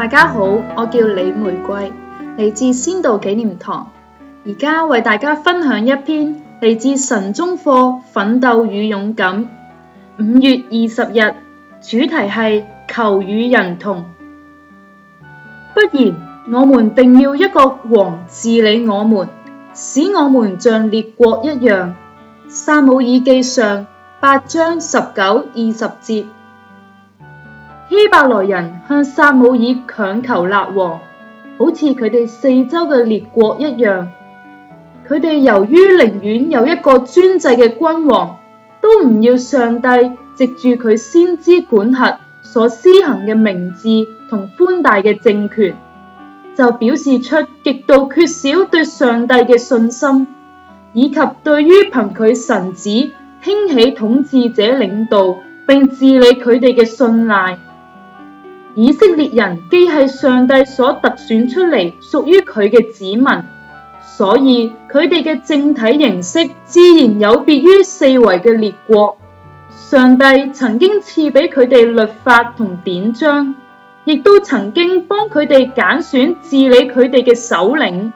大家好，我叫李玫瑰，嚟自仙道紀念堂，而家為大家分享一篇嚟自神中課《奮鬥與勇敢》五月二十日，主題係求與人同。不然，我們定要一個王治理我們，使我們像列國一樣。撒母耳記上八章十九、二十節。希伯來人向撒母耳強求立王，好似佢哋四周嘅列國一樣。佢哋由於寧願有一個專制嘅君王，都唔要上帝藉住佢先知管轄所施行嘅明智同寬大嘅政權，就表示出極度缺少對上帝嘅信心，以及對於憑佢神旨興起統治者領導並治理佢哋嘅信賴。以色列人既是上帝所特選出嚟、屬於佢嘅子民，所以佢哋嘅政體形式自然有別於四圍嘅列國。上帝曾經賜俾佢哋律法同典章，亦都曾經幫佢哋揀選治理佢哋嘅首領，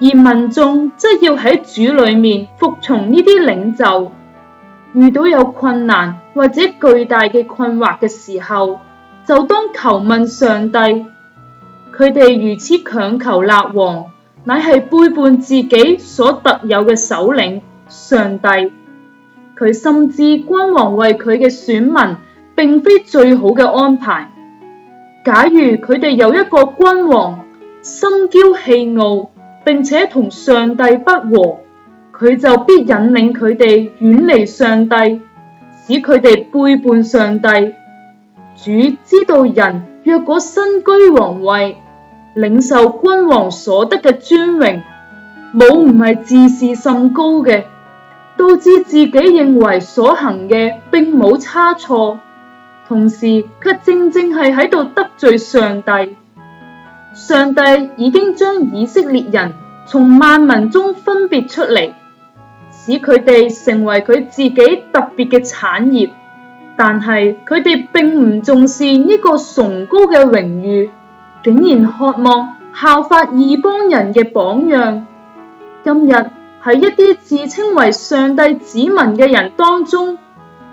而民眾則要喺主裏面服從呢啲領袖。遇到有困難或者巨大嘅困惑嘅時候。就當求問上帝。佢哋如此強求立王，乃係背叛自己所特有嘅首領上帝。佢甚至君王為佢嘅選民，並非最好嘅安排。假如佢哋有一個君王心驕氣傲，並且同上帝不和，佢就必引領佢哋遠離上帝，使佢哋背叛上帝。主知道人若果身居王位，領受君王所得嘅尊榮，冇唔係自視甚高嘅，導致自己認為所行嘅並冇差錯，同時卻正正係喺度得罪上帝。上帝已經將以色列人從萬民中分別出嚟，使佢哋成為佢自己特別嘅產業。但係佢哋並唔重視呢個崇高嘅榮譽，竟然渴望效法異邦人嘅榜樣。今日喺一啲自稱為上帝子民嘅人當中，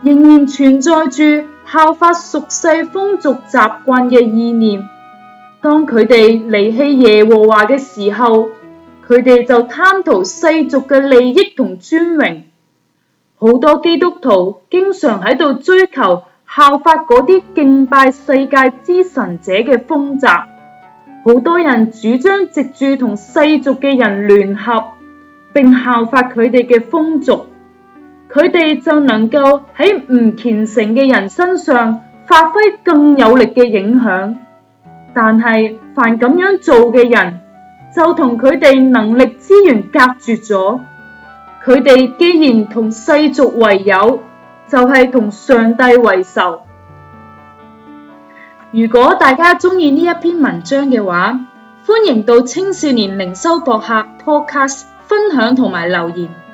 仍然存在住效法俗世風俗習慣嘅意念。當佢哋離棄耶和華嘅時候，佢哋就貪圖世俗嘅利益同尊榮。好多基督徒經常喺度追求效法嗰啲敬拜世界之神者嘅風俗，好多人主張藉住同世俗嘅人聯合，並效法佢哋嘅風俗，佢哋就能夠喺唔虔誠嘅人身上發揮更有力嘅影響。但係，凡咁樣做嘅人，就同佢哋能力資源隔絕咗。佢哋既然同世俗為友，就係、是、同上帝為仇。如果大家鍾意呢一篇文章嘅話，歡迎到青少年靈修博客 Podcast 分享同埋留言。